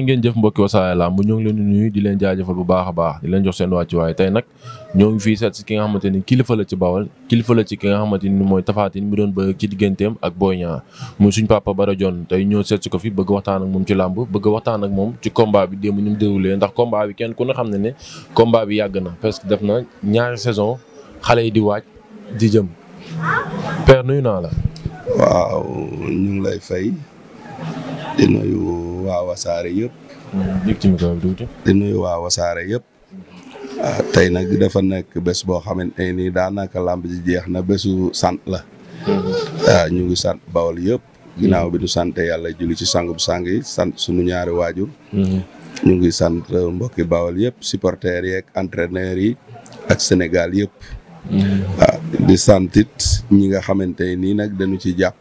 jërë ngeen jëf mbokki Wassare Lamb ñoo ngi leen di nuyu di leen jaajëfal bu baax a baax di leen jox seen wàccuwaay tey nag ñoo ngi fii seet si ki nga xamante ni kilifa la ci Bawol kilifa la ci ki nga xamante mooy Tapha Tine mi doon bëgg ci digganteem ak Boy Niang muy suñ papa Bara tey ñoo seet si ko fi bëgg waxtaan ak moom ci làmb bëgg waxtaan ak moom ci combat bi démb ñu mu déroulé ndax kombaa bi kenn ku ne xam ne ne combat bi yàgg na parce que def na ñaari saison xale yi di waaj di jëm père naa la lay fay di nuyu waa yëpp. di nuyu waa wasaare yëpp. Ah, tey nag dafa nekk bés boo xamante ne nii daanaka làmb ji jeex na bésu sant la. Mm-hmm. Ah, ñu ngi sant bawol yëpp. ginnaaw bi ñu sant yàlla julli ci sangu bu sant sunu ñaari waajur. Mm-hmm. ñu ngi sant mbokki bawol yëpp supporters yi ak entraîneurs yi ak Sénégal yëpp. Mm-hmm. Ah, di santit ñi nga xamante nii nag dañu ci jàpp.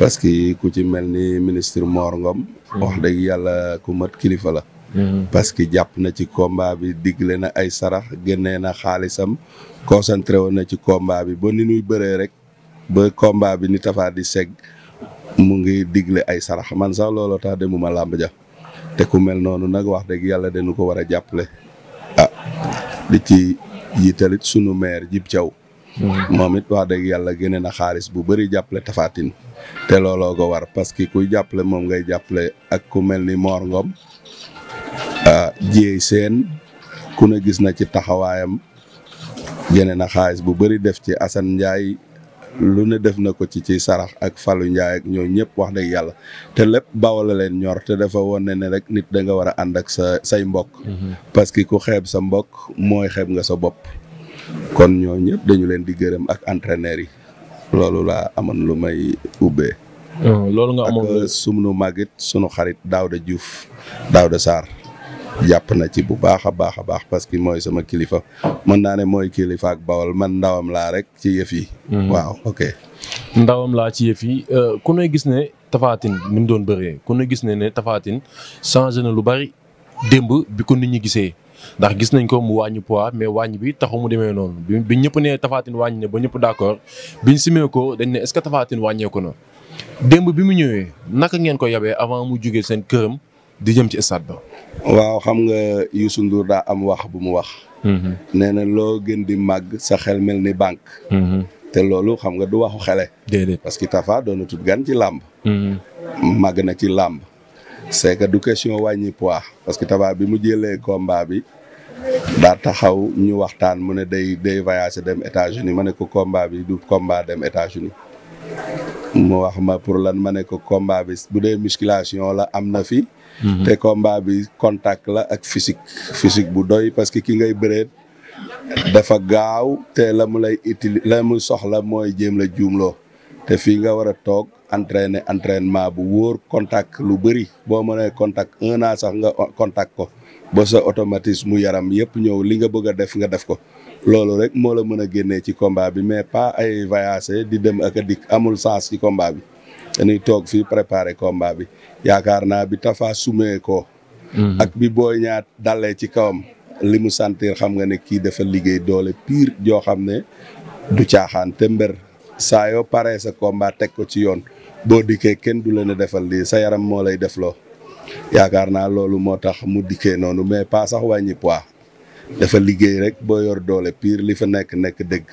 parce que ku ci mel ni ministre Mor Ngom wax dëgg yàlla ku mat kilifa la mhm. parce que jàpp na ci combat bi digle na ay sarax génnee na xaalisam concentré woon na ci combat bi ba ni nuy bëree rek ba combat bi nu tafaa di segg mu ngi digle ay sarax man sax looloo tax demuma làmb ja te ku mel noonu nag wax dëgg yàlla nu ko war a jàppale ah di ci jiitalit sunu maire Jib Thiaw mhm. moom it wax dëgg yàlla génne na xaalis bu bëri jàppale Tapha Tine te looloo ko war parce que kuy jàppale moom ngay jàppale ak ku mel ni Mor Ngom ah seen Sène ku ne gis na ci taxawaayam jëne na xaalis bu bari def ci Assane Ndiaye lu ne def na ko ci ci sarax ak Fallou Ndiaye ak ñoo ñëpp wax dëgg yàlla te lépp bawal la leen ñor te dafa wone ne rek nit danga nga war a ànd ak sa say mbokk. Mhm. parce que ku xeeb sa mbokk mooy xeeb nga sa bopp. kon ñoo ñëpp dañu leen di gërëm ak entraîneur yi loolu laa amoon lu may ubbee. Ah, loolu nga amoon ak sunu màggit sunu xarit Daouda Diouf Daouda Sarr jàpp na ci bu baax a baax a baax parce que mooy sama kilifa mën naa ne mooy kilifa ak bawal man ndawam laa rek ci yëf yi. Hmm. waaw ok. ndawam laa ci yëf yi euh, ku ne gis ne Tapha Tine ni mu doon bëree ku ne gis ne ne Tapha Tine changé na lu bari démb bi ko nit ñu gisee. ndax gis nañ ko mu wàññi poids mais wàññi bi taxu mu demee noonu bi ñëpp nee Tapha Tine wàññi ba ñëpp d'accord biñ simee ko dañ ne est wàññeeku na démb bi mu ñëwee naka ngeen ko yabee avant mu jógee seen këram di jëm ci stade ba. waaw xam nga Youssou Ndour daa am wax bu mu wax. Mhm. nee na loo gën di màgg sa xel mel ni banque. Mhm. te loolu xam nga du waxu xele. déedéet parce que Tapha doon na tut gan ci làmb. Mhm. màgg na ci làmb. c'est que du question wàññi poids parce que Tapha bi mu jëlee komba bi daa taxaw ñu waxtaan mu ne day day voyager dem États-Unis ma ne ko combat bi du combat dem États-Unis mu wax ma pour lan ma ne ko combat bi bu dee musculation la am na fi. Mhm. te combat bi contact la ak physique. physique bu doy parce que ki ngay bëreet dafa gaaw te la mu lay utili la mu soxla mooy jéem la juumloo te fii nga war a toog. entraîner entraînement bu wóor contact lu bëri boo mënee contact un an sax nga contact ko ba sa mu yaram yëpp ñëw li nga bëgg a def nga def ko loolu rek moo la mën a génnee ci combat bi mais pas ay voyager di dem ak a dikk amul sens ci combat bi dañuy toog fii préparer combat bi yaakaar naa bi Tafa sumee ko. Mhm. ak bi booy ñaat dalee ci kawam. li mu sentir xam nga ne kii dafa liggéey doole pire joo xam ne du caaxaan te mbër saa yoo paree sa combat teg ko ci yoon. boo dikkee kenn du la ne defal lii sa yaram moo lay def loo yaakaar naa loolu moo tax mu dikkee noonu mais pas sax wàññi poids dafa liggéey rek boo yor doole piir li fa nekk nekk dëgg.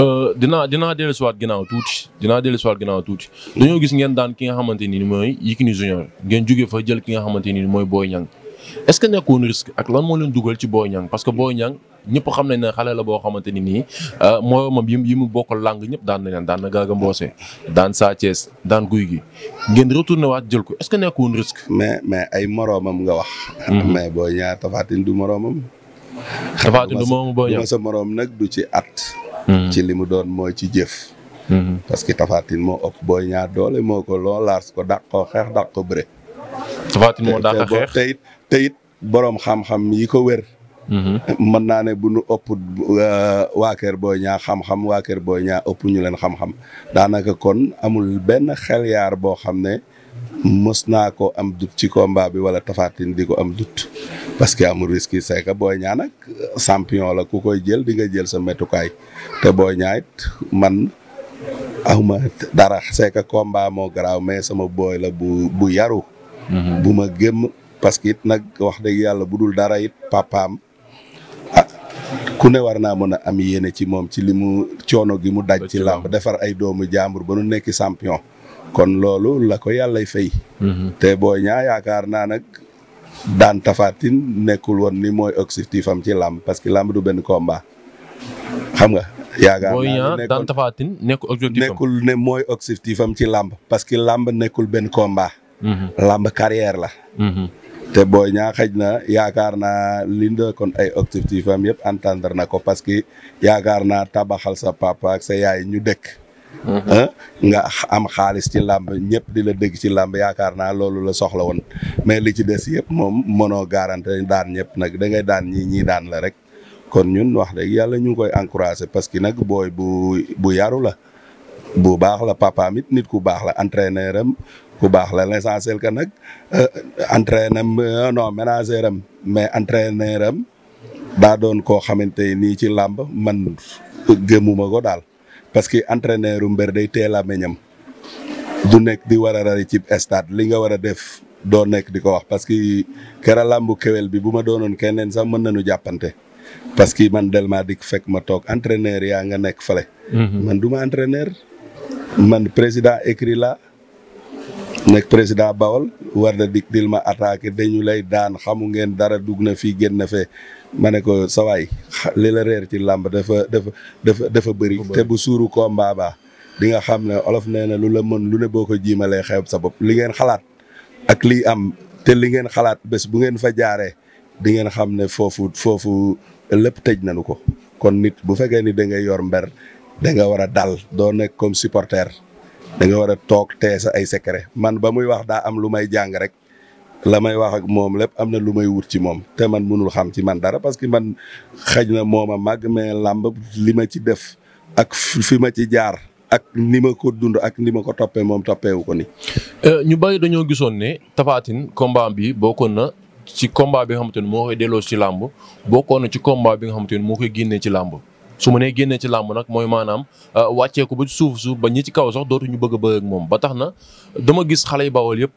Euh, dinaa dinaa dellusiwaat ginnaaw tuuti dinaa dellusiwaat ginnaaw tuuti dañoo gis ngeen daan ki nga xamante ni mooy Yékini Junior ngeen jóge fa jël ki nga xamante ni mooy Boy Niang est-ce que nekkoon risque ak lan moo leen dugal ci Boy Niang parce que Boy Niang ñëpp xam nañ ne xale la boo xamante ni nii mooy ah, moom yi yi mu bokkal làng ñëpp daan na leen daan na Garga Mbossé daan Sa Thiès daan Gouye Gui ngeen retourné waat jël ko est-ce que nekkoon risque. mais mais ay moroomam nga wax. Mhm. mais Boy ñaar Tapha Tine du moroomam. Tapha Tine du moroomam Boy sa moroom nag du ci at. Mhm. ci li mu doon moo ci jëf. Mhm. parce que Tapha moo ëpp Boy Niang doole moo ko loolaas ko dàq ko xeex ko bëre. te it boroom xam-xam yi ko wér. Mm-hmm. mën naa ne bu nu ëpp euh, waa Kër Boy Niang xam-xam waa Kër Boy Niang ëpp ñu leen xam-xam daanaka kon amul benn xel yaar boo xam ne mës naa ko am dut ci combat bi wala tafaatin di ko am dut parce que amul risque c'est que Boy Niang nag euh, champion la ku koy jël di nga jël sa metukaay te Boy Niang it man awma dara c'est que combat moo garaaw mais sama booy la bu bu yaru mm-hmm. bu ma gëm parce que it nag wax dëgg yàlla bu dul dara it papaam ah ku ne war naa mën a am yéene ci moom ci li mu coono gi mu daj ci làmb defar ay doomu jàmbur ba nu nekki sampion kon loolu la ko yàllay fay mm-hmm. te booy ñaa yaakaar naa nag daan tafaatin nekkul woon ni mooy objectif am ci làmb parce que làmb du benn combat xam nga yaakaar naa ne daan tafaatin nekkul objectif am nekkul ne ci làmb parce que làmb nekkul benn combat mm-hmm. làmb la mm-hmm. te booy ñaa xëj na yaakaar naa li kon ay objectif am yëpp entendre na ko parce que yaakaar naa tabaxal sa papa ak sa yaay ñu dëkk mhm. ah, nga am xaalis ci làmb ñëpp di la dégg ci làmb yaakaar naa loolu la soxla woon mais li ci des yëpp moom mënoo garante daan ñëpp nag da ngay daan ñi ñii daan la rek kon ñun wax dëgg yàlla ñu ngi koy encouragé parce que nag booy bu bu yaru la bu baax la papaam it nit ku baax la entraîneur am ku baax la l'essentiel que nag euh, entraîneur am euh, non ménageur am mais entraîneur am daa doon koo xamante nii ci làmb man gëmuma ko daal parce que entraîneur u mbër day teel meñam du nekk di war a rari ci stade li nga war a def doo nekk di ko wax parce que kera làmbu kewel bi bu ma doonoon keneen sax mën nañu jàppante parce que man del maa dik fekk ma toog entraîneur yaa nga nekk fale mhm. man du ma man président écrit la nekk président Bawol war na dik dil ma attaqué dañu lay daan xamu ngeen dara dugg na fii génn na fee ma ne ko sawaay li la reer ci làmb dafa dafa dafa dafa bëri te bu suuru combat ba di nga xam ne olof nee na lu la mën lu ne boo ko jiimalee xeeb sa bopp li ngeen xalaat ak lii am te li ngeen xalaat bés bu ngeen fa jaaree di ngeen xam ne foofu foofu lépp tëj nañu ko kon nit bu fekkee ni da yor mber danga nga war a dal doo nekk comme supporter da nga war a toog tee sa ay secret man ba muy wax daa am lu may jàng rek la may wax ak moom lépp am na lu may wut ci moom te man mënul xam ci man dara parce que man xëj na moom a màgg mais làmb li ma ci def ak fi ma ci jaar ak ni ma ko dund ak ni ma ko toppee moom toppeewu ko ni euh, ñu bari dañoo gisoon ne Tapha Tine combat bi bokkoon na ci combat bi nga xamante ni moo delloo ci làmb bokkoon na ci combat bi nga xamante ni moo koy génnee ci làmb su ma nee génnee ci làmb nag mooy maanaam euh, wàccee ko ba suuf suuf ba ñi ci kaw sox dootuñu bëgg a bëgg ak moom ba tax na dama gis xale yu bawol yëpp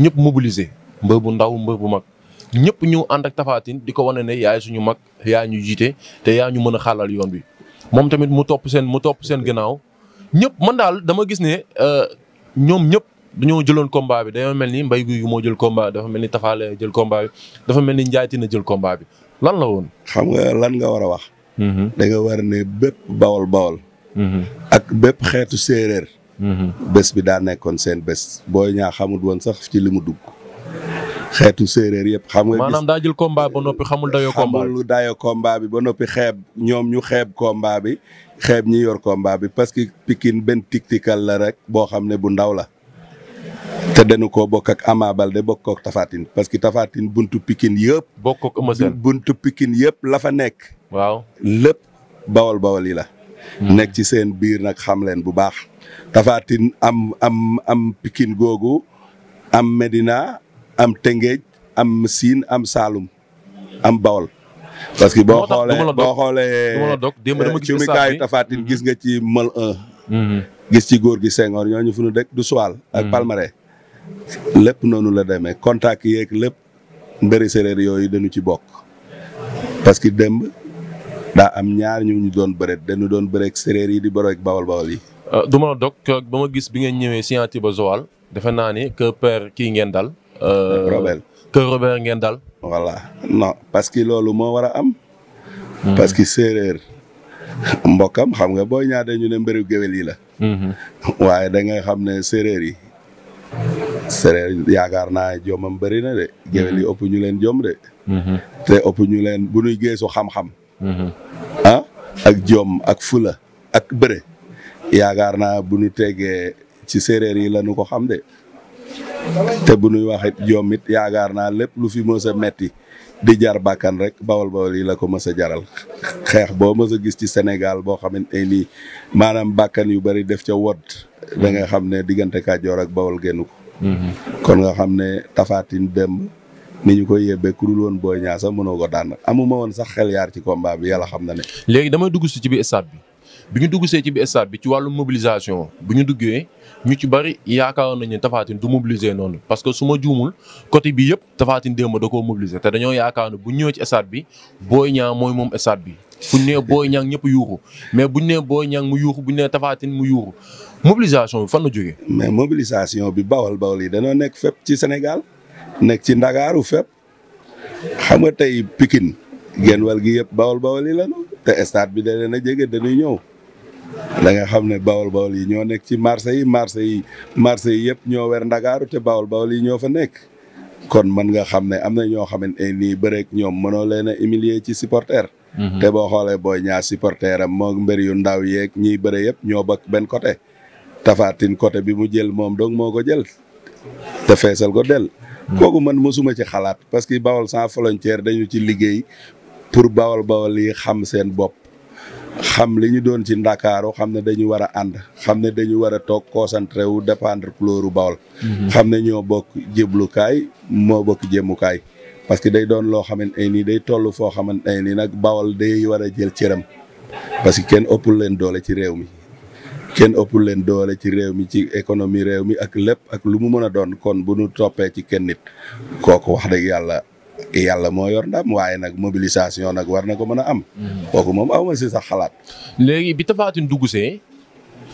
ñëpp mobiliser mbër bu ndaw mbër bu mag. ñëpp ñu ànd ak tafaatin di ko wane ne yaay ñu mag yaa ñu jiite te yaa ñu mën a xàllal yoon bi moom tamit mu topp seen mu topp seen gannaaw ñëpp man daal dama gis ne euh, ñoom ñëpp dañoo jëloon combat bi dañoo mel ni mbay guy moo jël combat dafa mel ni tafaale jël combat bi dafa mel ni njaaytina jël combat bi lan la woon. xam nga nga war a wax. Mhm. da nga war ne bépp bawol bawol mhm. ak bépp xeetu séeréer mhm. bés bi daa nekkoon seen bés booy ñaa xamul woon sax ci li mu dugg xeetu séeréer yëpp xam nga maanaam daa jël combat ba noppi xamul dayoo combat xamul dayoo bi ba noppi xeeb ñoom ñu xeeb combat bi xeeb ñi yor combat bi parce que pikin benn tiktikal la rek boo xam ne bu ndaw la te dañu ko bokk ak amaabal de bokk ak Tapha parce que Tapha buntu pikin yëpp bokk ak Eumeu Sène buntu Pikine yëpp la fa nekk waaw lépp bawal bawal yi la. Hmm. nekk ci seen biir nag xam leen bu baax. tafaatin am am am Pikine googu am Medina am Tëngéej am Siin am Saalum am bawal. parce que boo xoolee boo xoolee ci mikaayu Tapha gis nga ci mël un. Hmm. gis ci góor gi Senghor ñu fu nu dëkk du Soal. ak hmm. Palmarin lépp noonu la demee contact yeeg lépp mbëri séeréer yooyu dañu ci bokk. parce que démb daa am ñaar ñu ñu doon bëreet dañu doon bëreek séréer yi di bëreek bawal bawal yi. Euh, du ma la dog ba ma gis bi ngeen ñëwee Sianti ba Joal defe naa ni que père kii ngeen dal. Euh, Robert que Robert ngeen dal. voilà non parce que loolu moo war a am. Hmm. parce que séeréer mbokkam xam nga booy ñaar ñu ne mbëri géwél yi la. Hmm. waaye da xam ne séeréer yi. séeréer yaakaar naa jomam bëri na de. Hmm. géwél yi ëpp ñu leen jom de. te ëpp ñu leen bu ñuy geesu xam-xam. ak jom ak fula ak bëre yaakaar naa bu nu tegee ci séeréer yi la ko xam de te bu nuy wax it jom yaakaar naa lépp lu fi mës a metti di jar bàkkan rek bawal bawal yi la ko mës a jaral xeex boo mës a gis ci Sénégal boo xam ne nii maanaam bàkkan yu bari def ca wod da nga xam ne diggante Kajoor ak bawal génn ko mhm. kon nga xam ne tafaatin dem ni ñu koy yebbee ku dul woon Boy Niang sax mënoo daana amuma woon sax xel yaar ci combat bi yàlla xam na ne. léegi damay dugg si ci biir stade bi bu ñu dugg see ci biir stade bi ci wàllu mobilisation bu ñu duggee ñu ci bari yaakaaroon nañu ne Tapha du mobiliser noonu parce que su ma juumul côté bi yëpp Tapha Tine démb da koo te dañoo yaakaar ne bu ñëwee ci stade bi Boy Niang mooy moom stade bi. fuñ nee Boy Niang ñëpp yuuxu mais buñ nee Boy Niang mu yuuxu buñ nee Tapha Tine mu yuuxu mobilisation bi fan na jógee. mais mobilisation bi bawal bawal yi dañoo nekk fépp ci Sénégal. nekk ci ndagaaru fépp xam nga tey Pikine genn wal gi yëpp bawol bawol yi lañu te stade bi da leen a jege dañuy ñëw da nga xam ne bawol bawol yi ñoo nekk ci marché yi marché yi marché yëpp ñoo wer ndagaaru te bawol bawol yi ñoo fa nekk kon mën nga xam ne am na ñoo xamante ne nii bëreek ñoom mënoo leen a humilier ci supporter mhm. te boo xoolee booy ñaar supporter am moo mbër yu ndaw yeeg ñiy bëre yëpp ñoo bak benn côté Tapha Tine côté bi mu jël moom dong moo ko jël te feesal ko del kooku man mosuma ci xalaat parce que Bawol sans frontière dañu ci liggéey pour Bawol Bawol yi xam seen bopp. xam li ñu doon ci ndakaaru xam ne dañu war a ànd xam ne dañu war a toog concentré wu dépendre couleuru Bawol mhm. xam ne ñoo bokk jéblukaay moo bokk jéemukaay parce que day doon loo xamante ay nii day toll foo xamante ay nii nag Bawol day war a jël cëram parce que kenn ëppul leen doole ci réew mi kenn ëppul leen doole ci réew mi ci économie réew mi ak lépp ak lu mu mën a doon kon bu ñu toppee ci kenn nit kooku wax dëgg yàlla yàlla moo yor ndam waaye nag mobilisation nag war na ko mën a am. Mm. kooku moom aw ma si sax xalaat. léegi bi Tapha dugg see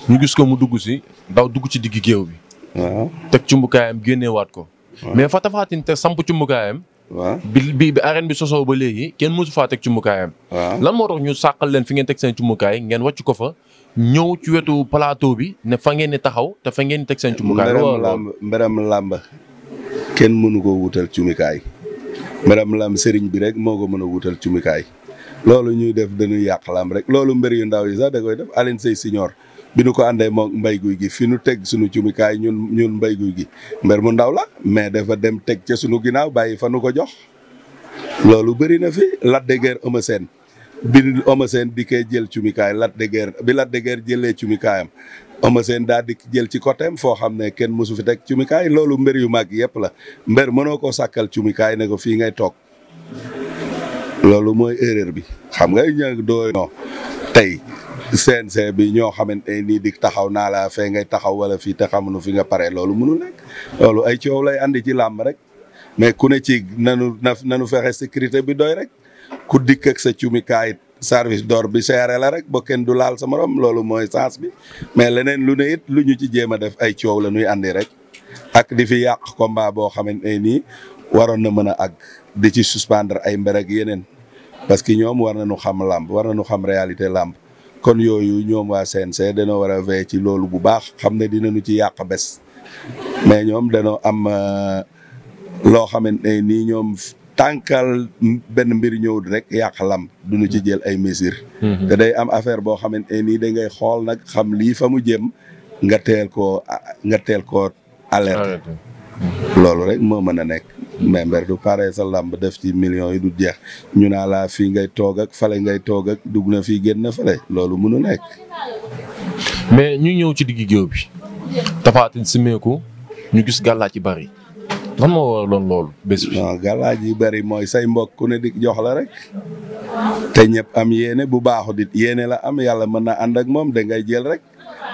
nu gis ko mu dugg si daw dugg ci digg géew bi. waaw teg cumbukaayam génneewaat ko. mais fa Tapha te samp cumbukaayam. waaw bi bi bi arène bi sosoo ba léegi kenn mësu faa teg cumbukaayam. waaw lan moo tax ñu sàqal leen fi ngeen teg seen cumbukaay ngeen wàcc ko fa. ñëw ci wetu plateau bi ne fa ngeen di taxaw te fa ngeen teg seen cumukaay. mberam làmb mberam làmb kenn mënu ko wutal cumukaay mberam làmb sëriñ bi rek moo ko mën a wutal cumukaay loolu ñuy def dañuy yàq làmb rek loolu mbër yu ndaw yi sax da koy def Alioune Seye Signor bi nu ko àndee moom mbay guy gi fi nu teg suñu cumukaay ñun ñun mbay guy gi mbër mu ndaw la mais dafa dem teg ca suñu ginnaaw bàyyi fa nu ko jox loolu bëri na fi Lac de Guiers Eumeu bi Eumeu Sène dikkee jël cumikaay Lac de Guiers bi Lac de Guiers jëlee cumikaayam Eumeu Sène daa dikk jël ci côtéem foo xam ne kenn mosu fi teg cumikaay loolu mbër yu mag yëpp la mbër mënoo koo sàkkal cumikaay ne ko fii ngay toog loolu mooy erreur bi xam nga ña doo non tey CNC bi ñoo xamante nii di taxaw naa la fee ngay taxaw wala fii te nu fi nga pare loolu mënul nekk loolu ay ci coow lay andi ci làmb rek mais ku ne ci na nanu fexe sécurité bi doy rek ku dikk sa sa cumikaay sarvice door bi seere la rek ba kenn du laal sa morom loolu mooy sens bi mais leneen lu ne lu ñu ci jéem a def ay coow la ñuy andi rek ak di fi yàq combat boo xamante ne nii waroon na mën a àgg di ci suspendre ay mbir yeneen parce que ñoom war nañu xam làmb war nañu xam réalité làmb kon yooyu ñoom waa dañoo war a veiller ci loolu bu baax xam ne dinañu ci yàq bes mais ñoom dañoo am euh, loo xam ne nii ñoom tànkal benn mbir ñëw rek yàq lamb duñu ci jël ay mesures mhm. te day am affaire boo xamante nii da ngay xool nag xam lii fa mu jëm nga teel koo nga teel koo mhm. loolu rek moo mën a nekk mais mbir du pare sa lam def ci millions yi du jeex ñu naa laa fii ngay toog ak fale ngay toog ak dugg na fii génn fale loolu mënu nekk mais ñu ñëw ci digg géew bi Tapha Tine simeeku ñu gis gàllaa ci bari lan moo waraloon loolu bés bi. non galaaj yi bari mooy say mbokk ku ne di jox la rek te ñëpp am yéene bu baaxut it yéene la am yàlla mën na ànd ak moom da ngay jël rek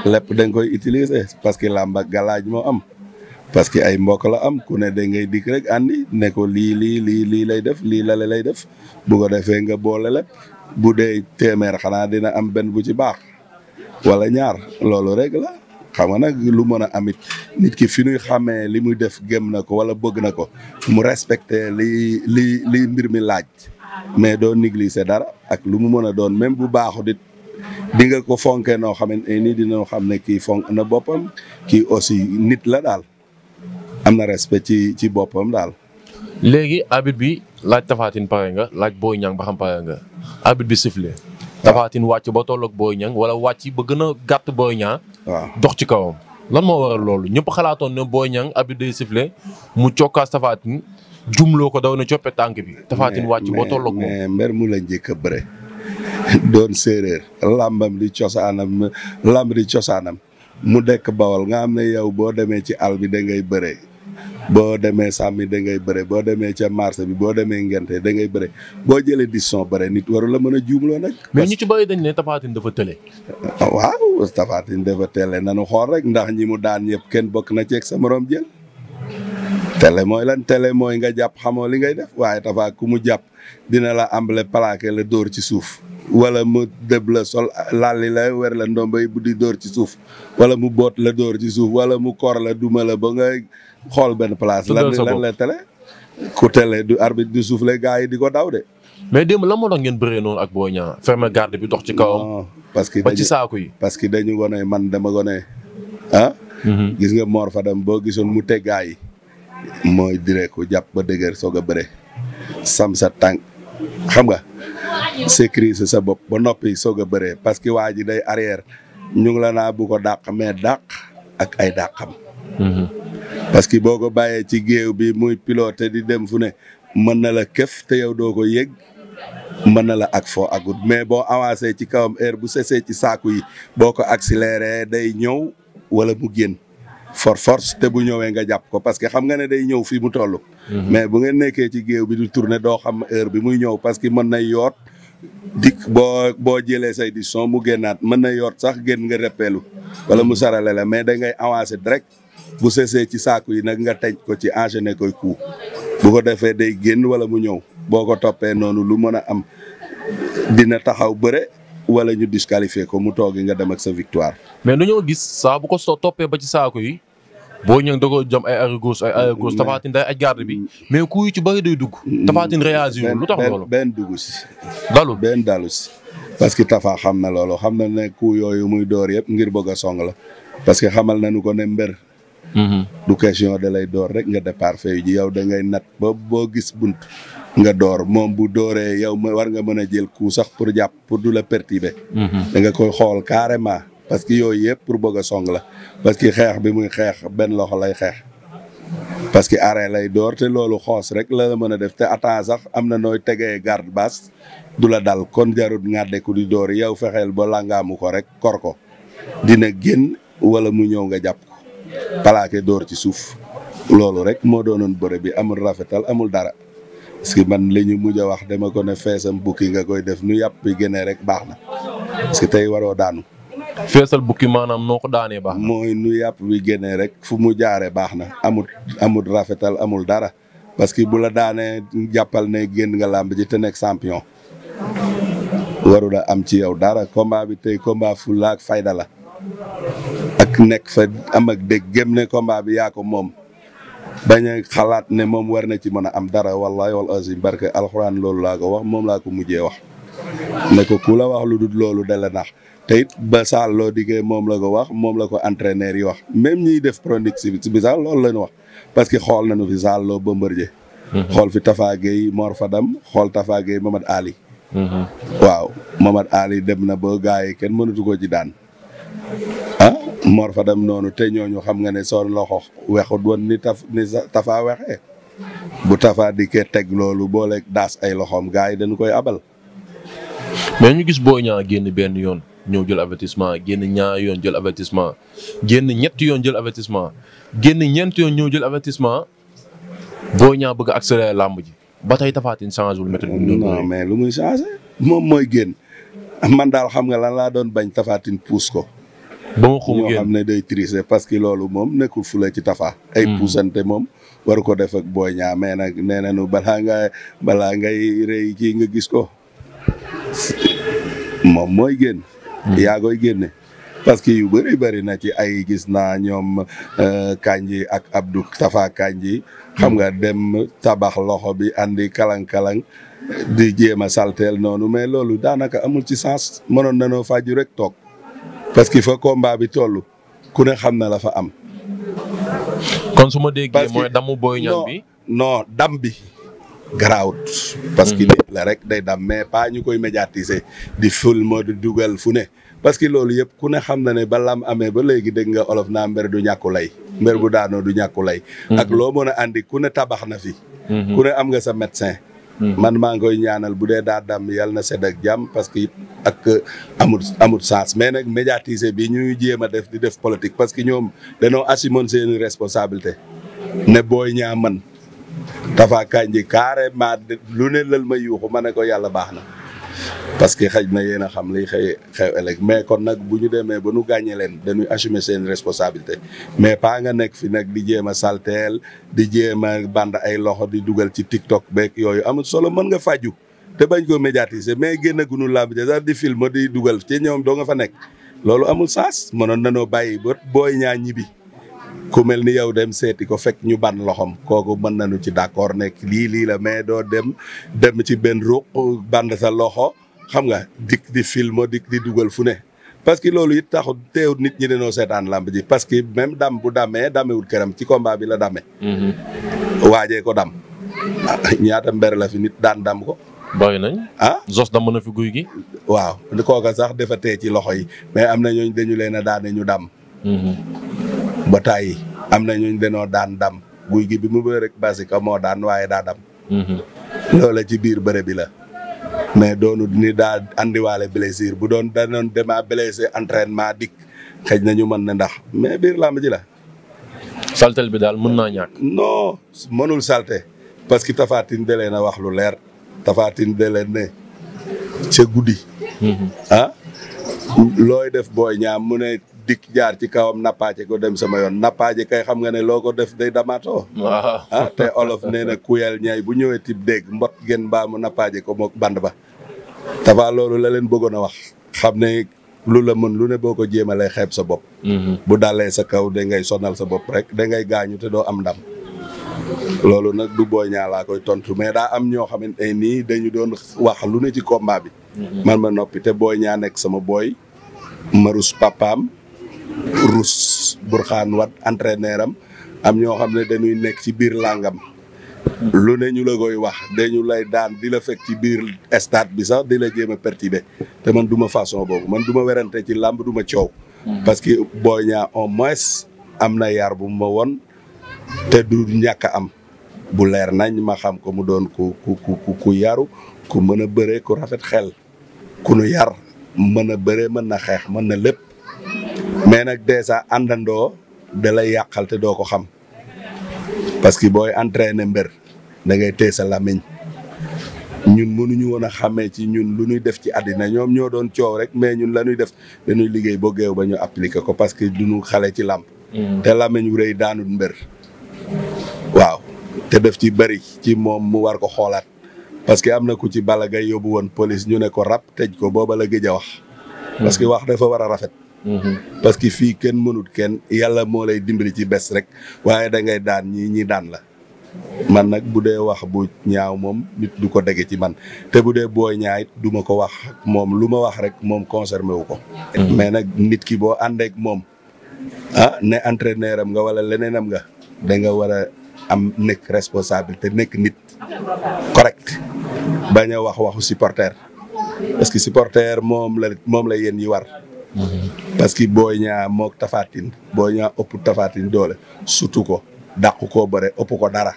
lépp da koy utiliser parce que làmb ak moo am. parce que ay mbokk la am ku ne da ngay dikk rek andi ne ko lii lii lii lii lay def lii lale lay def bu ko defee nga boole lépp bu dee téeméer xanaa dina am benn bu ci baax wala ñaar loolu rek xam nga nag lu mën a amit nit ki fi nuy xamee li muy def gëm na ko wala bëgg na ko mu respecte li li li mbir mi laaj mais doo négliger dara ak lu mu mën a doon même bu baaxu it di ko fonkee noo xamante ni dina xam ne kii fonk na boppam ki aussi nit la daal am na respect ci ci boppam daal. léegi abit bi laaj tafaatin pare nga laaj booy ñang ba xam pare nga abit bi sifflé. Ah. tafaatin wàcc ba tolloog booy ñang wala wàcc ba gën a gàtt booy ñang waaw dox ci kawam. lan moo waral loolu ñëpp xalaatoon ne Boy Niang abi day sifflé mu cokkaas Tapha Tine jumloo ko daw na coppe tànk bi. Tapha Tine wàcc ba tolloo ko mais mu la njëkk a bëre doon séeréer làmbam di cosaanam làmb di cosaanam mu dekk bawal nga xam ne yow boo demee ci àll bi da ngay bëree. boo demee sàmmi da ngay bëre boo demee ca marché bi boo demee ngente da ngay bëre boo jëlee décision bëre nit waru la mën a juumloo nag. mais ñu ci bëri dañ ne Tapha dafa tële. Ah, waaw Tapha Tine dafa tële nanu xool rek ndax ñi mu daan yëpp kenn bokk na ceeg sa moroom jël. télé mooy lan télé mooy nga jàpp xamoo li ngay def waaye Tapha ku mu jàpp dina la ambale palaake la dóor ci suuf wala mu dëb la sol lalli la wer la ndombay bu di dóor ci suuf wala mu boot la dóor ci suuf wala mu kor la duma ba nga xool benn place. lan lan la tele. ku tele du arbitre du soufflé gars yi di ko daw de. mais démb la moo tax ngeen bëree noonu ak boo Niang ferme garde bi dox ci kawam. parce que ba ci saako yi. parce que dañu gone man dama gone ah. Mhm. gis nga Mor dem boo gisoon mu te gars mooy dire ko jàpp ba dëgër soog a bëre. sam sa tànk xam nga. sécuriser sa bopp ba noppi soog a bëree parce que waa ji day arrière ñu ngi la naa bu ko dàq mais dàq ak ay dàqam. Mhm. parce que boo ko bàyyee ci géew bi muy te di dem fu ne mën na la këf te yow doo ko yëg mën na la ak foo agut mais boo avancé ci kawam heure bu sesee ci saaku yi boo ko accéléré day ñëw wala mu génn for force te bu ñëwee nga jàpp ko parce que xam nga ne day ñëw fii mu toll. Mhm. mais bu ngeen nekkee ci géew bi du tourné doo xam heure bi muy ñëw parce que mën na yoot dikk boo boo jëlee say di son mu génnaat mën na yoot sax génn nga reppeelu wala mu sarale la mais da ngay avancé direct. bu sesee ci saaku yi nag nga tej ko ci enchaîné koy coup bu ko defee day génn wala mu ñëw boo ko toppee noonu lu mën a am dina taxaw bëre wala ñu disqualifié ko mu toogi nga dem ak sa victoire. mais dañoo gis saa bu ko soo toppee ba ci saako yi boo ñëw da ko jëm ay arrière gauche ay arrière gauche Tapha day aj garde bi mais ku yu ci bëri day dugg. Mm. Tapha Tine réagir lu tax loolu benn duggu si. dalu benn dalu si. parce que tafaa xam na loolu xam na ne ku yooyu muy door yëpp ngir bëgg a song la parce que xamal nañu ko ne mbër Mm-hmm. du question de lay door rek nga départ fay ji yow da ngay nat ba boo gis bunt nga door moom bu dooree yow war nga mën a jël ku sax pour jàpp pour du la perturber mm-hmm. da nga koy xool carrément parce que yooyu yëpp pour bëgg song la parce que xeex bi muy xeex benn loxo lay xeex parce que arrêt lay door te loolu xoos rek la la mën a def te attaque sax am na nooy tegee garde basse du la dal kon jarut ŋàddeku di door yow fexeel ba langaamu ko rek kor ko dina génn wala mu ñëw nga jàpp palaake door ci suuf loolu rek moo doonoon bëre bi amul rafetal amul dara parce que man li mujj a wax dama ko ne feesal nga koy def nu yàpp bi génnee rek baax na parce tey waroo daanu. feesal bukki maanaam noo ko daanee baax na. mooy nu yàpp bi génnee rek fu mu jaaree baax na amul amul rafetal amul dara parce que bu la daanee jàppal ne génn nga làmb ji te nekk champion. warula am ci yow dara komba bi tey combat fulla ak fayda la. ak nekk fa am ak dégg gëm ne combat bi yaa ko moom bañ xalaat ne moom war na ci mën a am dara wallahi wal azim barke alxuraan loolu laa ko wax moom laa ko mujjee wax ne ko ku la wax lu dul loolu dala nax tey it ba saal loo diggee moom la ko wax moom la ko entraîneur yi wax même ñiy def chronique si bi sax loolu la wax parce que xool nañu fi saal loo Bombardier mhm. xool fi Tafa Gueye Mor Fadam xool Tafa yi Mamad Ali mhm. waaw Mamad Ali dem na ba gars yi kenn mënatu ko ci daan ah Mor dem noonu te ñooñu xam nga ne soo loxo wexut woon ni taf ni tafaa wexe bu tafaa dikkee teg loolu boole daas ay loxoom gars yi dañu koy abal. mais ñu gis Boy ñaa génn benn yoon ñëw jël avertissement génn ñaar yoon jël avertissement génn ñetti yoon jël avertissement génn ñeent yoon ñëw jël avertissement Boy Niang bëgg a accélérer làmb ji ba tey Tapha Tine changé wul méthode. mais lu muy changé moom mooy génn man daal xam nga lan laa doon bañ tafaatin Tine ko. ba ma xum ñoo xam ne day triser parce que loolu moom nekkul fu la ci tafa. ay hmm. puusante moom war ko def ak booy ñaa mais nag nee nañu balaa nga balaa ngay rey kii nga gis ko moom mooy génn. Hmm. yaa koy génne. parce que yu bëri na ci ay gis naa ñoom euh, Kanji ak Abdou Tafa Kanji. xam hmm. nga dem tabax loxo bi andi kalang-kalang di jéem a salteel noonu mais loolu daanaka amul ci sens mënoon nanoo faju rek toog. parce que fa combat bi toll ku ne xam na la fa am. kon su ma déggee mooy damu booy ñaan bi dam bi. garaawut parce que hmm. lépp la rek day dam mais pas ñu koy médiatiser di film di dugal fu ne parce que loolu yëpp ku ne xam na ne ba lam amee ba léegi dégg nga olof naa mber du ñàkku lay mber bu daanoo du ñàkku lay hmm. ak loo mën a andi ku ne tabax na fi hmm. ku ne am nga sa médecin Mm-hmm. man maa ngooy ñaanal bu dee daa dam yàlla na sedd ak jàmm parce que ak uh, amut amut sens mais nag médiatiser bi ñuy jéem a def di def politique parce que ñoom dañoo assumer seeni responsabilité ne booy ñaa man Tapha Kandji carrément lu ne lal ma yuuxu ma ne ko yàlla baax na parce que xaj na yéen a xam lay xëy xew ëllëg mais kon nag bu ñu demee ba nu gàññe leen dañuy assumer seen responsabilité mais pas nga nekk fi nag di jéem a salteel di jéem a band ay loxo di dugal ci TikTok beeg yooyu amul solo mën nga faju te bañ ko mais génn gunu làmb ja sax di film di dugal ci ñoom doo nga fa nekk loolu amul sens mënoon nanoo bàyyi ba booy ñaa ñibi ku mel ni yow dem seeti ko fekk ñu ban loxom kooku mën nañu ci d'accord nekk lii lii la mais doo dem dem ci benn ruq band sa loxo xam nga dikk di film dikk di dugal fu ne parce que loolu it taxut teewut nit ñi dañoo seetaan lamb ji parce que même dam bu damee damewul këram ci combat bi la dame mhm. waajee ko dam ah, ñaata mber la fi nit daan dam ko bàyyi nañ ah Zos damm na fi guy gi waaw kooka sax defa tee ci loxo yi mais am na ñooñ dañu leen a daane ñu dam mhm. ba tàyyi am na ñooñ dañoo daan dam guy gi bi mu bëre rek basi ka moo daan waaye daa dam mhm. loola ci biir bëre bi la mais doonu ni daa andiwaale blessure bu doon da doon dema blessé dik dikk xëj nañu mën ne ndax mais biir làmb ji la. saltel bi daal mën na ñàkk. non mënul salte parce que Tapha Tine na wax lu leer Tapha Tine dalee guddi. Mhm. Ah? looy def booy ñaam mu ne dikk jaar ci kawam nappaaje ko dem sama yoon nappaaje kay xam nga ne loo ko def day damaatoo ah te olof nee na kuyal ñaay bu ñëwee tib dégg mbot gen mbaa mu nappaaje ko mook band ba Tapha loolu la leen bëggoon a wax xam ne lu la mën lu ne boo ko jéem a lay xeeb sa bopp mm-hmm. bu dalee sa kaw da ngay sonal sa bopp rek da ngay gaañu te doo am ndam loolu nag du booy ñaa laa koy tontu mais daa am ñoo xam ne nii dañu doon wax lu ne ci combat bi mm-hmm. man ma noppi te booy ñaa nekk sama booy marus rus burxaan wat entraîneur am am ñoo xam ne dañuy nekk ci biir làngam lu ne ñu la koy wax dañu lay daan di la fekk ci biir stade bi sax di la jéem a perturber te man duma façon boobu man du ma werante ci làmb duma ma coow. Hmm. parce que Boy Niang au moins am na yar bu ma won te du ñàkk a am bu leer nañ ma xam ko mu doon ku ku ku ku yaru ku mën a bëree ku rafet xel ku nu yar mën a bëree mën na xeex mën na lépp. mais nag dèjà àndandoo da lay yàqal te doo ko xam parce que booy entraîné mbër da ngay téye sa làmmiñ ñun mënuñu woon a xàmmee ci ñun lu ñuy def ci àddina ñoom ñoo doon coow rek mais ñun la ñuy def dañuy liggéey boo géew ba ñu appliqué ko parce que duñu xale ci làmb mm. te làmmiñ wu rëy daanul mbër waaw te def ci bëri ci moom mu war ko xoolaat parce que am na ku ci bala gay yóbbu woon police ñu ne ko rap teñ ko booba la gëj a wax parce que mm. wax dafa war a rafet parce que fii kenn mënut kenn yàlla moo lay dimbali ci bés rek waaye da ngay daan ñii ñi daan la. man nag bu dee wax bu ñaaw moom nit du ko dege ci man te bu dee boo ñaay duma ko wax moom lu ma wax rek moom concerné wu ko. mais nag nit ki boo àndeek moom ah ne entraîneur am nga wala leneen am nga da nga war a am nekk responsabilité nekk nit correct bañ a wax waxu supporter parce que supporter moom la moom la yéen ñi war. parce que Boy Niang mook Tapha Tine Boy Niang ëpp Tapha doole sutu ko dàq ko bëre ëpp ko dara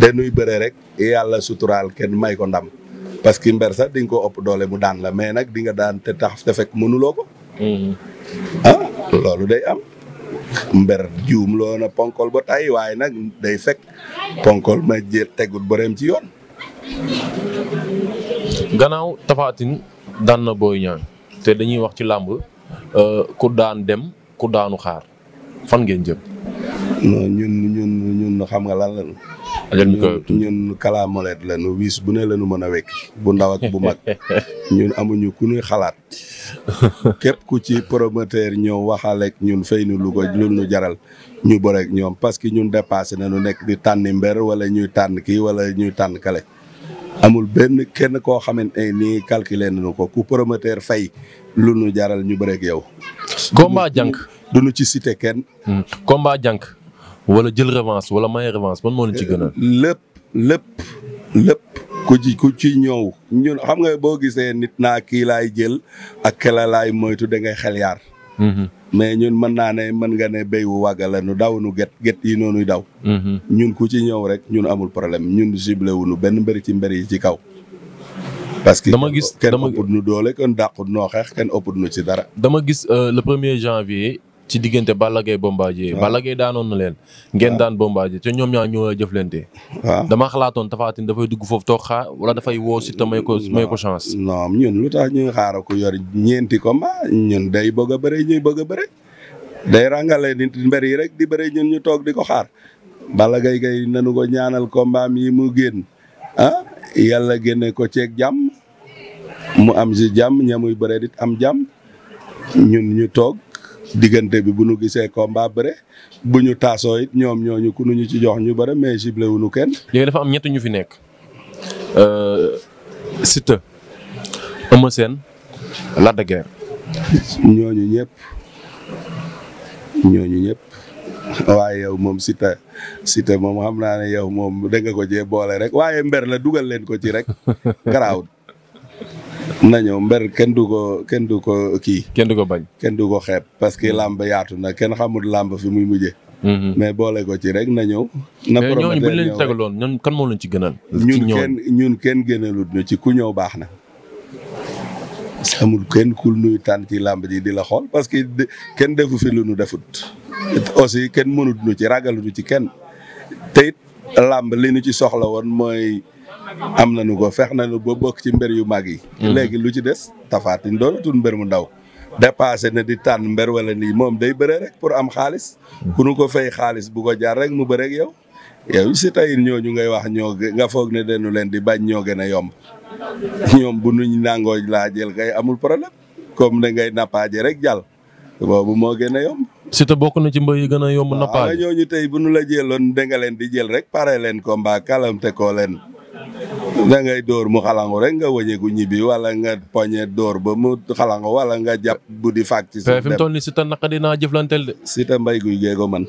dañuy bëre rek yàlla suturaal kenn may ko ndam parce que mber sax dañ nga ko ëpp doole mu daan la mais nag di daan te tax te fek mënuloo ko mm-hmm. ah loolu day am mber juum loo na ponkol ba tay waaye nag day fekk ponkol ma jël tegut bëreem ci yoon gannaaw tafaatin Tine daan na Boy Niang te dañuy wax ci làmb euh, ku daan dem ku daanu xaar fan ngeen jëm. non ñun ñun ñun xam nga lan lañu. ñun kala molet lañu wiis bu ne lañu mën a wekki bu ndaw ak bu mag ñun amuñu ku ñuy xalaat képp ku ci promoteur ñëw waxaleeg ñun fay nu lu ko lu nu jaral ñu bëreeg ñoom parce que ñun dépassé na nu nekk di tànni mber wala ñuy tànn kii wala ñuy tànn kale. amul benn kenn koo xamante ni nii calculer nañu ko ku promoteur fay lu nu jaral ñu bëreeg yow. combat jànk. du nu ci cité kenn. Hmm. combat jànk wala jël revanche wala may revanche man moo leen ci euh, gën lépp lépp lépp ku ci ku ci ñëw ñun xam nga boo gisee nit na kii laay jël ak kala moytu da ngay xel yaar. Hmm, hmm. mais ñun mën naa ne mën nga ne béy wu wàgga nu daw nu get get yi noonuy daw mhm. ñun ku ci ñëw rek ñun amul problème ñun wu nu benn mbëri ci mbëri yi ci kaw parce que dama gis kenn ëpput nu doole kenn dàqut noo xeex kenn ëpput nu ci dara dama gis euh, le premier janvier ci diggante Balla Gaye Bombardier. Balla Gaye daanoon na leen. ngeen daan Bombardier te ñoom ñaa ñoo jëflante. waaw dama xalaatoon Tapha dafay dugg foofu toog xaar wala dafay woo Siteu may ko may ko chance. non ñun lu tax ñuy xaar ko yor ñeenti combat ñun day bëgg a ñuy bëgg a bëre. day ràngale nit mbër yi rek di bëre ñun ñu toog di ko xaar. Balla Gaye kay nanu ko ñaanal ko mbaam yi mu génn ah, yàlla génne ko ceeg jàmm mu am si jàmm ñamuy bëre dit am jàmm ñun ñu toog. diggante bi bu nu gisee combat bare bu ñu taasoo it ñoom ñooñu ku ñu ci jox ñu bëre mais ciblé wu ñu kenn. léegi dafa am ñett ñu fi nekk. Euh, Siteu. Eumeu Sène. la de ñooñu ñëpp ñooñu ñëpp. waaye yow moom Siteu Siteu moom xam naa ne yow moom danga ko cee boole rek waaye mber la dugal leen ko ci rek garaawul. na ñëw mbër kenn du ko kenn du ko kii. kenn du ko bañ kenn du ko xeeb parce que mm. làmb yaatu na kenn xamul làmb fi muy mujje mm-hmm. mais boole ko ci rek na ñëw. na promoteur ñooñu bu leen tegaloon ñoom kan moo leen ñun kenn ñun kenn gënalut ci ku ñëw baax na. amul kenn kul nuy tànn ci làmb ji di la xool parce que kenn defu fi lu nu defut. aussi kenn mënut nu ci ragaluñu ci kenn te làmb li nu ci soxla woon mooy am nañu ko fex nañu ba bokk ci mbër yu mag yi. Mm-hmm. léegi lu ci des Tapha Tine doonatul mbër mu ndaw. dépassé na di tànn mbër wala nii moom day bëre rek pour am xaalis. Mm-hmm. ku nu ko fay xaalis bu ko jaar rek mu bëre yow. yow si tey ñooñu ngay wax ñoo nga foog ne dañu leen di bañ ñoo gën a yomb ñoom bu nuñ nangoo laa jël kay amul problème comme ne ngay nappaaje rek jàll boobu moo gën a yomb. Siteu bokk na ci mbéy yi gën a yomb. nappaaje waaw ñooñu tey bu nu la jëloon da nga leen di jël rek pare leen ko mbaa kalamte ko leen. da ngay dóor mu xalangu rek nga wëñeeku ñibbi walla nga poñe door ba mu xalangu wala nga jàpp bu di fàq ci suuf dem fi mu toll nii Siteu naqadi naa jëflanteel de. Siteu mbay guy gee ko man.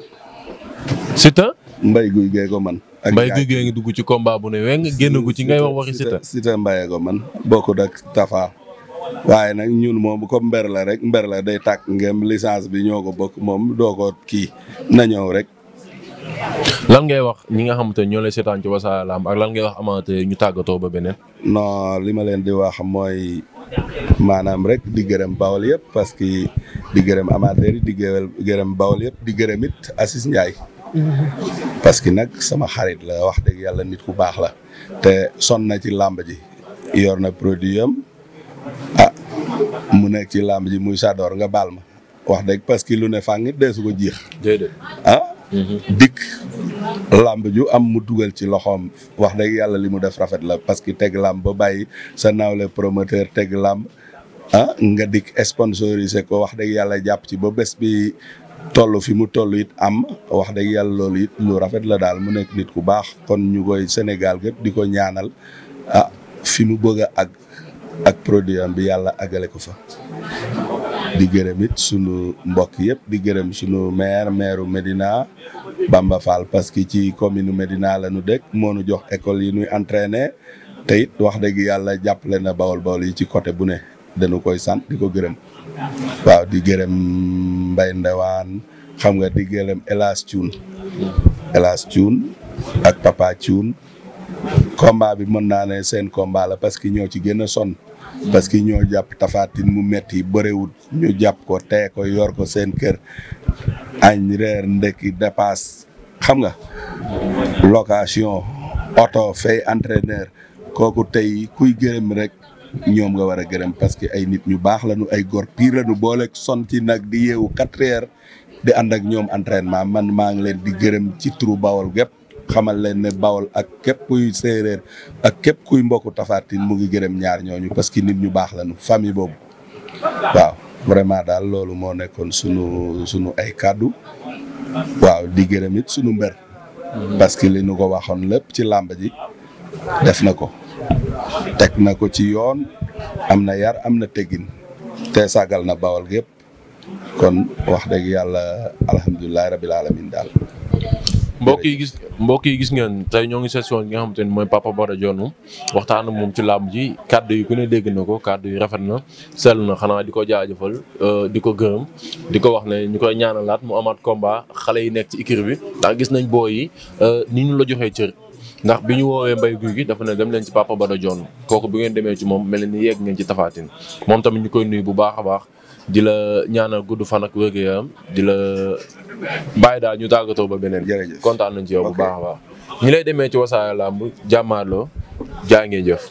Siteu. mbay guy gee ko man. mbay guy gee ngi dugg ci combat bu ne weng ci ngay wax waxi Siteu. Siteu mbayee ko man bokkut ak Tafa. waaye nag ñun moom comme mber la rek mber la day tàkk ngem licence bi ñoo ko bokk moom doo ko kii na ñëw rek. lan ngay wax ñi nga xamante ne ñoo lay seetaan ci Wassare Lamb ak lan ngay wax amateur ñu tàggatoo ba beneen. noo li ma leen di wax mooy maanaam rek di gërëm bawol yëpp parce que di gërëm amateur yi di gërëm bawol yëpp di gërëm it Assis Ndiaye. que nag sama xarit la wax dëgg yàlla nit ku baax la. te son na ci làmb ji. yor na produit am ah mu nekk ci làmb ji muy Sador nga baal ma wax dëgg parce lu ne fànn it su ko jiix. dikk làmb ju am mu dugal ci loxoom wax dëgg yàlla li mu def rafet la parce que teg làmb ba bàyyi sa naawle promoteur teg làmb ah nga dikk sponsorisé ko wax dëgg yàlla jàpp ci ba bés bi toll fi mu toll it am wax dëgg yàlla loolu it lu rafet la daal mu nekk nit ku baax kon ñu koy Sénégal gépp di ko ñaanal ah fi mu bëgg a ak produit am bi yàlla àggale ko fa di gërëm it sunu mbokk yëpp di gërëm sunu maire maireu Medina Bamba Fall parce que ci commune Medina la ñu dëkk moo nu jox école yu nuy entraîner te it wax dëgg yàlla jàppale na bawol bawol yi ci côté bu ne dañu koy sant di ko gërëm. waaw di gërëm Mbaye Ndewaan xam nga di gërëm Elas Thioune Elas Thioune ak Papa Thioune combat bi mën naa ne seen combat la parce que ñoo ci gën a parce que ñoo jàpp tafaatin mu metti bëriwut ñu jàpp ko tee ko yor ko seen kër añ reer ndekki dépasse xam nga location oto fay entraîneur kooku tey kuy gërëm rek ñoom nga war a gërëm parce que ay nit ñu baax lañu ay góor piir lañu boole son ci nag di yeewu quatre heures di ànd ak ñoom entraînement man maa ngi leen di gërëm ci turu Bawol gépp xamal leen ne bawol ak képp kuy séeréer ak képp kuy mbokku tafaatin mu ngi gërëm ñaar ñooñu parce que nit ñu baax lañu famille boobu waaw vraiment daal loolu moo nekkoon sunu sunu ay kàddu waaw di gërëm it sunu mbër parce que li nu ko waxoon lépp ci làmb ji def na ko teg na ko ci yoon am na yar am na teggin te sàggal na bawal gépp kon wax dëgg yàlla alhamdulilahi rabil alamin daal mbokk yi gis mbokk yi gis ngeen tey ñoo ngi session yi nga xamante ni mooy Papa Bada Dione waxtaan moom ci làmb ji kàddu yi ku ne dégg na ko kàddu yi rafet na sell na xanaa di ko jaajëfal euh, di ko gërëm di ko wax ne ñu koy ñaanalaat mu amaat combat xale yi nekk ci écurie bi ndax gis nañ booy yi euh, ni ñu la joxee cër ndax bi ñu woowee mbay guy gi dafa ne dem leen ci Papa Bada Dione kooku bi ngeen demee ci moom mel ni yegg ngeen ci tafaatin moom tamit ñu koy nuy bu baax a baax di la ñaanal gudd fan ak wérgu yaram di la bàyyi daal ñu tàggatoo ba beneen. jërëjëf kontaan nañ ci bu baax a baax. ñi lay demee ci wasaare làmb jàmmaarloo jaa ngeen jëf.